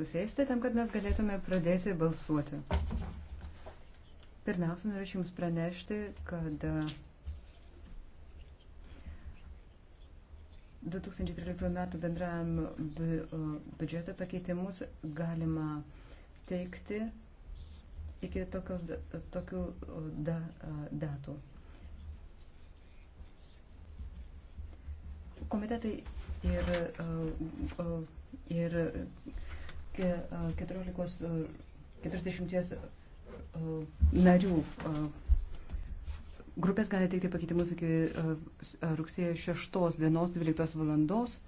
susėsti tam, kad mes galėtume pradėti balsuoti. Pirmiausia, norėčiau Jums pranešti, kad 2013 e, metų bendram e, biudžeto pakeitimus galima teikti iki tokios, tokių e, da, datų. Komitetai ir, ir reikia 14, 40 narių. E, grupės gali teikti pakeitimus iki e, e, rugsėjo 6 dienos 12 valandos.